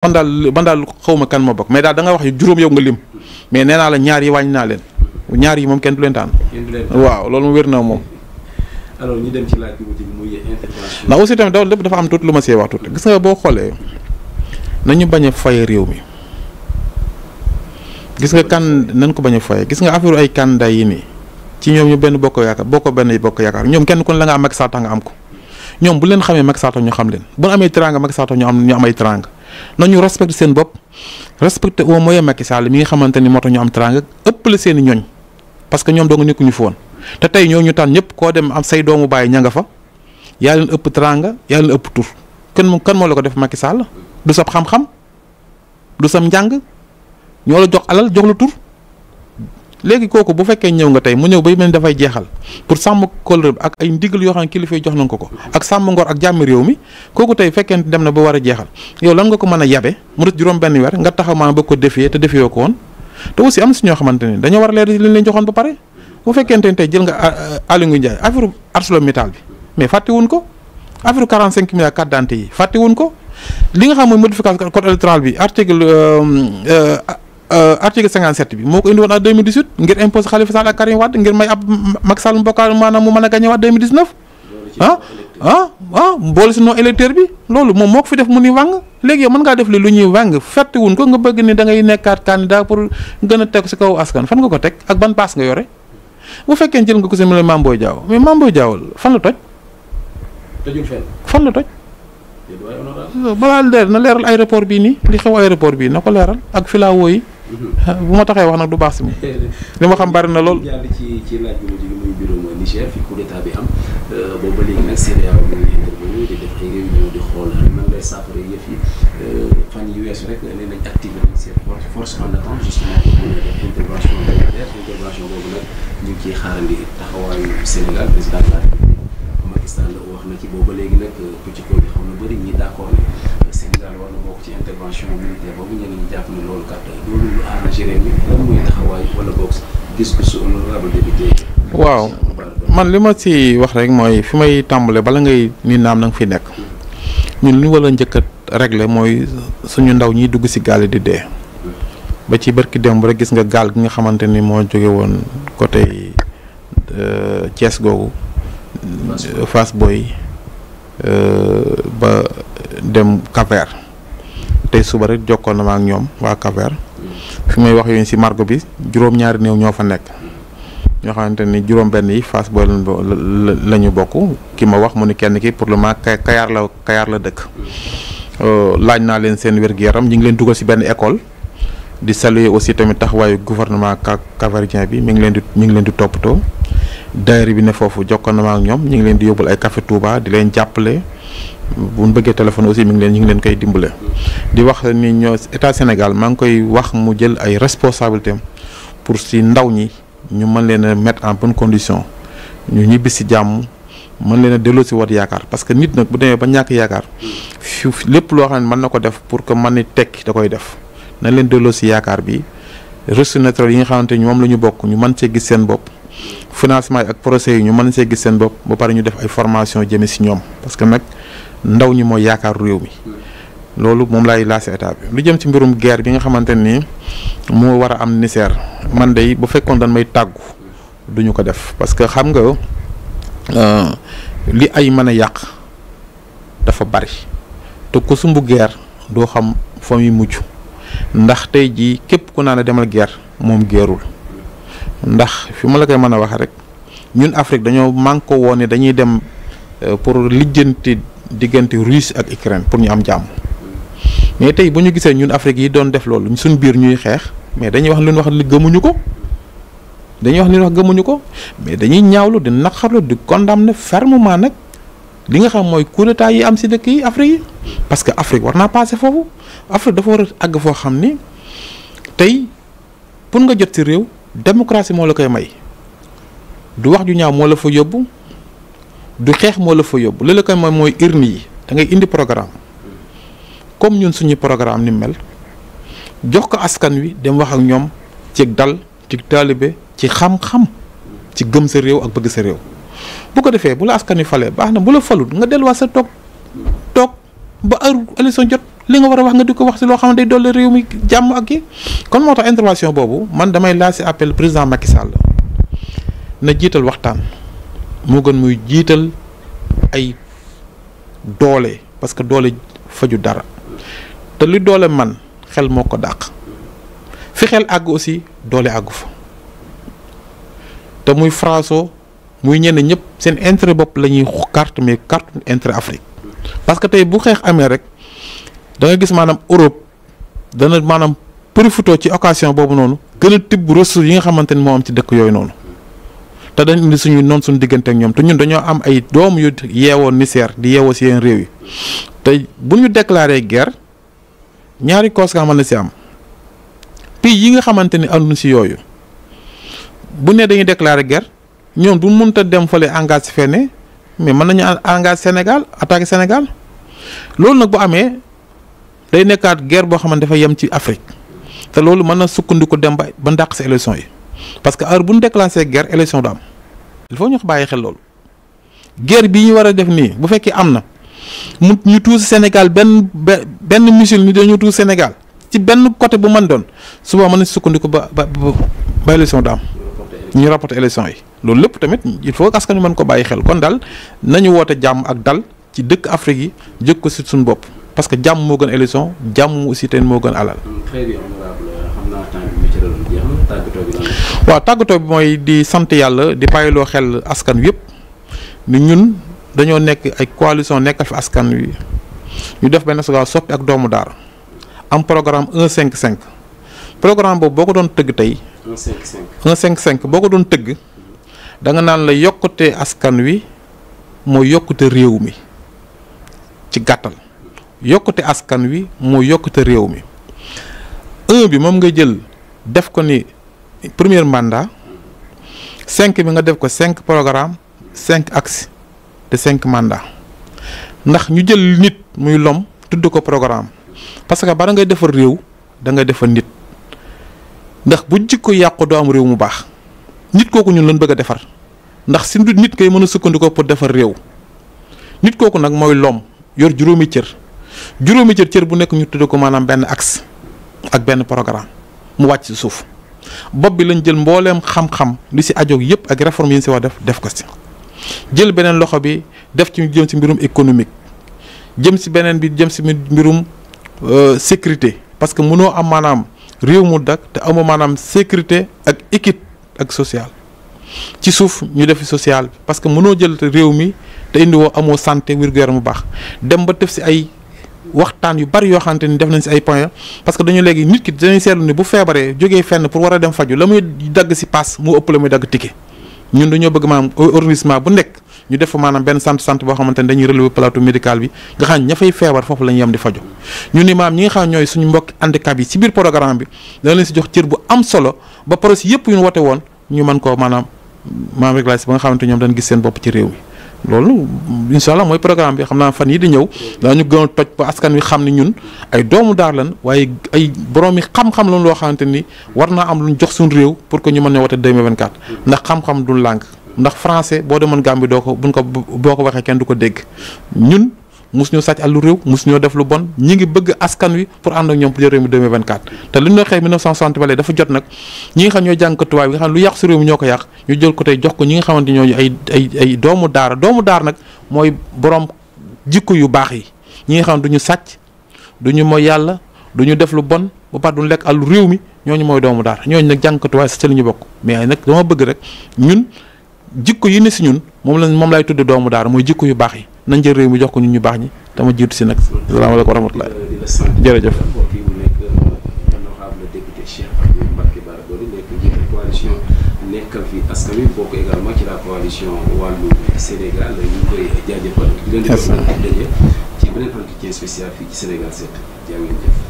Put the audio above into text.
man daal man daal xaw ma kan ma bokk mais daal danga nga wax juróom yow nga lim mais nee naa la ñaar yi wàññi naa leen ñaar yi moom kenn du leen taan. waaw loolu mu wér na moom. alors ñu dem ci laaj bi muy intervention. ndax aussi tamit lépp dafa am tuuti lu ma see wax tuuti gis nga boo xoolee nañu bañ a réew mi gis nga kan nañ ko bañ a faye gis nga affaire ay candidat yi nii ci ñoom ñu benn bokk yaakaar bokk benn bokk yaakaar ñoom kenn kon la nga am Macky Sall tax nga am ko ñoom bu leen xamee Macky Sall tax ñu xam leen bu amee teraanga Macky Sall tax ñu am ñu am ay teraanga nañu respecté seen bopp respecté au moyen Macky Sall mi nga xamante ni moo tax ñu am teraanga ëpp la seeni i ñoñ parce que ñoom dong nekkuñu fi woon te tey ñoo ñu tànn ñëpp koo dem am say doomu baay ña nga fa yaa leen ëpp teraanga yaa leen ëpp tur kan moo la ko def Macky Sall du sab xam-xam du sam njàng ñoo la jox alal jox tur. léegi kooku bu fekkee ñëw nga tey mu ñëw bay mel ni dafay jeexal pour sàmm kóllëre ak ay ndigal yoo xam ne kilifa yi jox nañ ko ko ak sàmm ngor ak jàmmi réew mi kooku tey fekkente dem na ba war a jeexal yow lan nga ko mën a yabe mu des juróom benn weer nga taxaw maanaam bëgg ko defee te defee ko woon te aussi am na si ñoo xamante ne dañoo war a leer li ñu leen joxoon ba pare bu fekkente ne tey jël nga euh, Aliou Ndiaye affaire bi mais fàtte wuñ ko affaire 45 milliards carte d'identité yi fàtte ko li nga xam mooy modification code Euh, article 57 bi moo ko indi woon à 2018 ngir imposé Khalifa Sall ak Karim Wade ngir may ab Macky Sall mbokkaal mu mën a gagné waat 2019. Ah, ah, ah boole si non électeur bi loolu moom moo ko fi def mu ni wàng léegi yow mën ngaa def li lu ñuy wàng fettiwun ko nga bëgg ni da ngay nekkaat candidat pour gën a teg si kaw askan fan nga ko teg ak ban paas nga yore bu fekkee jël nga ko si mel ne Mame Boye mais Mame Boye Diao fan la toj. tojul fenn fan la toj. balaa leer na leeral bii nii li xew aéroport bii na ko leeral ak filawoo yi. bu ma taxee wax nag du baax si moom. li xam bari na lool. jàll ci ci laaj bi ma jógee muy bureau mooy Niger fi coup d'état bi am euh, boobu ba léegi nag CEDEAO mu ngi di xool nan lay saafara yëf yi euh, weesu rek nee nañ activé nañ seen force en attente intervention boobu nag ñu ngi ciy xaarandi taxawaayu Sénégal président la République Macky Sall wax na ci boobu ba léegi nag ku ci kaw bi xam na bëri ñi d'accord président war na waaw man li ma ci wax rek mooy fi may tàmbale bala ngay ni naam na nga fi nekk ñun li ñu war a njëkk a régler mooy suñu ndaw ñiy dugg ci gaal di dee ba ci barki démb rek gis nga gaal gi nga xamante ni moo jóge woon côté euh, Thiès googu Fass Boy euh, Cap-Vert tey suba rek jokkoon na ak ñoom waa cap fi may wax yooyu si margo bi juróom-ñaari néew ñoo fa nekk ñoo xamante ni juróom-benn yi Fass Boy la ñu bokk ki ma wax mu ni kenn ki pour le moment Kayar la Kayar la dëkk. Mm. Euh, laaj naa leen seen wér-gu-yaram ñu ngi leen dugal si benn école di saluer aussi tamit taxawaayu gouvernement cap-verdien bi mi ngi leen di mi ngi leen di toppatoo daayira bi ne foofu jokkoon na ak ñoom ñu ngi leen di yóbbul ay café Touba di leen jàppale. bu ñu bëggee téléphone aussi mi ngi leen ñu ngi leen koy dimbale. di wax ni ñoo état Sénégal maa ngi koy wax mu jël ay responsabilités pour si ndaw ñi ñu mën leen a mettre en bonne condition ñu ñibbi si jàmm mën leen a delloo si wat yaakaar parce que nit nag bu demee ba ñàkk yaakaar fi lépp loo xam ne mën na ko def pour que man ni tekki da koy def nañ leen delloo si yaakaar bi ressources naturelles yi nga xamante ni moom la ñu bokk ñu man cee gis seen bopp. financement yi yi ñu mën see gis seen bopp ba pare ñu def ay formation jëme si ñoom ndaw ñi mooy yaakaar réew mi loolu moom lay laasé état bi lu jëm ci mbirum guerre bi nga xamante ni moo war a am Niger man de bu fekkoon dañ may tàggu duñu ko def parce que xam nga euh, li ay mën a yàq dafa bari te ku sumbu guerre doo xam fa muy mujj ndax tey jii képp ku naan demal guerre moom geerul ndax fi ma la koy mën a waxee rek ñun Afrique dañoo manqué woon ne dañuy dem euh, pour lijjanti. diggante Russie ak Ukraine pour ñu am jàmm mais tey bu ñu gisee ñun Afrique yi doon def loolu suñ biir ñuy xeex mais dañuy wax lu wax li gëmuñu ko dañuy wax li wax gëmuñu ko mais dañuy ñaawlu di naqarlu di condamner fermement nag li nga xam mooy coup yi am si dëkk yi Afrique yi parce que Afrique war naa passé foofu Afrique dafa war a àgg foo xam ni tey pour nga jot si réew démocratie moo la koy may du wax ju ñaaw moo la fa yóbbu. du xeex moo la fa yóbbu li la mooy mooy urne yi da ngay indi programme comme ñun suñu programme ni mel jox ko askan wi dem wax ak ñoom ci dal ci taalibe ci xam-xam ci gëm sa réew ak bëgg sa réew bu ko defee bu la askan wi falee baax na bu la falul nga delluwaat sa toog toog ba heure élection jot li nga war a wax nga di ko wax si loo xam ne day dolli réew mi jàmm ak yi kon moo tax intervention boobu man damay laaj si appel président Macky Sall na jiital waxtaan. moo gën muy jiital ay doole parce que doole faju dara te li doole man xel moo ko dàq fi xel àgg aussi doole àggu fa te muy François muy ñenn ñëpp seen intre bopp la ñuy carte mais carte intérêt Afrique parce que tey bu xeex amee rek da nga gis maanaam Europe dana maanaam profité ci occasion boobu noonu gën a tibb ressources yi nga xamante ni moo am ci dëkk yooyu noonu. te dañ indi suñuy noon suñu diggante ak ñoom te ñun dañoo am ay doom yu yeewoo Niger di yeewoo si yeneen réew yi te bu ñu déclaré guerre ñaari conséquences mën na si am pays yi nga xamante ni ànduñu si yooyu bu ne dañuy déclaré guerre ñoom du mënut dem fale engage engagé fenn mais mën nañu engage Sénégal attaqué Sénégal loolu nag bu amee day nekkaat guerre boo xamante dafa yem ci Afrique te loolu mën na sukkandiku dem ba ba ndàq sa élection yi. parce que heure bu ñu déclenché ger élection du am il faut ñu bàyyi xel loolu guerre bi ñu war a def nii bu fekkee am na mu ñu tuus senegal benn benn missile ñu dañu tuus Sénégal ci benn côté bu man doon suba mën na sukkandiku ba ba ba élection du am ñu rapporté élection yi loolu lépp tamit il faut askan ñu mën ko bàyyi xel kon daal nañu woote jàmm ak dal ci dëkk Afrique yi jëkk ko si suñu bopp parce que jàmm moo gën élection jàmm aussi tamit moo gën alal. waaw tàggatoo bi mooy di sant yàlla di bàyyiloo xel askan wi yëpp ni ñun dañoo nekk ay coalition nekkal fi askan wi ñu def benn Sénégal Soppi ak doomu daara am programme cinq programme boobu boo ko doon tëgg tey. 155 cinq boo ko doon tëgg danga naan la yokkute askan wi mooy yokkute réew mi ci gàttal yokkute askan wi mooy yokkute réew mi un bi moom nga jël def ko ni. première mandat cinq bi nga def ko cinq programme cinq axes te cinq mandats ndax ñu jël nit muy lom tudd ko programme parce que bara ngay defar réew dangay defar nit ndax bu jikko yàqu doomu réew mu baax nit kooku ñun lañ bëgg a defar ndax si nit kay mën a sukkandikoo pour defar réew nit kooku nag mooy lom yor juróomi cër juróomi cër cër bu nekk ñu tudd ko maanaam benn axe ak benn programme mu wàcc suuf. bopp bi lañ jël mbooleem xam-xam li si ajoog yëpp ak réforme yi ñu si wax def def ko si jël beneen loxo bi def ci jëm ci mbirum économique jëm si beneen bi jëm si mbirum euh, sécurité parce que mënoo am maanaam réew mu dak te amoo maanaam sécurité ak équité ak sociale ci suuf ñu def social parce que mënoo jël réew mi te indiwoo amoo santé wér-gu-yaram baax dem ba tef si ay. waxtaan yu bari yoo xamante ni def nañ si ay point parce que dañu léegi nit ki dañuy seetlu ne bu feebaree jógee fenn pour war a dem faju la muy dagg si paas moo ëpp la muy dagg ticket ñun dañoo bëgg maanaam organisme bu nekk ñu def fa maanaam benn sant sant boo xamante ne dañuy relever plateau médical bi nga xam foofu la ñu yem di faju ñu ni maam ñi nga xam ñooy suñu mbokk handicap yi si biir programme bi jox am solo ba projet yëpp yu ñu wote ñu mën koo maanaam maam rek laaj ba xamante ñoom dañ gis seen bopp ci réew mi loolu incha allah mooy programme bi xam naa fan yi di ñëw daañu ñu a toj ba askan wi xam ni ñun ay doomu daar lan waaye ay borom yi xam-xam lañ loo xamante ni war naa am lu ñu jox suñu réew pour que ñu mën a wote 2024 ndax xam-xam du làng ndax français boo demoon Gambie doo ko bu buñ ko boo ko waxee kenn du ko dégg ñun mus ñoo sàcc àllu réew mus ñoo def lu bon ñi ngi bëgg askan wi pour ànd ak ñoom pour réew mi 2024 te li ñu doon xeex 1960 ba léegi dafa jot nag ñi nga xam ñoo jàng ko tubaab yi nga xam lu yàq ñoo ko yàq ñu jël ko tey jox ko ñi nga xamante ñooñu ay ay doomu daara doomu daara nag mooy borom jikko yu baax yi ñi nga xam duñu sàcc du ñu mooy yàlla du ñu def lu bon ba pare duñu lekk àllu réew mi ñoo ñu mooy doomu daara ñooñu ne jàng ko tubaab sa lu ñu bokk mais nag dama bëgg rek ñun jikko yu ne si ñun moom lañ moom lay tudd doomu daara mooy jikko yu baax yi nan jël réew mi jox ko ñu ñu baax ñi dama jiitu si nag salaamaaleykum wa rahmatulah jërëjëf. nekkal fi askan wi bokk également ci la coalition wàllu Sénégal ñu koy jaajëfal. di leen di jox daje ci beneen entretien ci Sénégal 7 jaa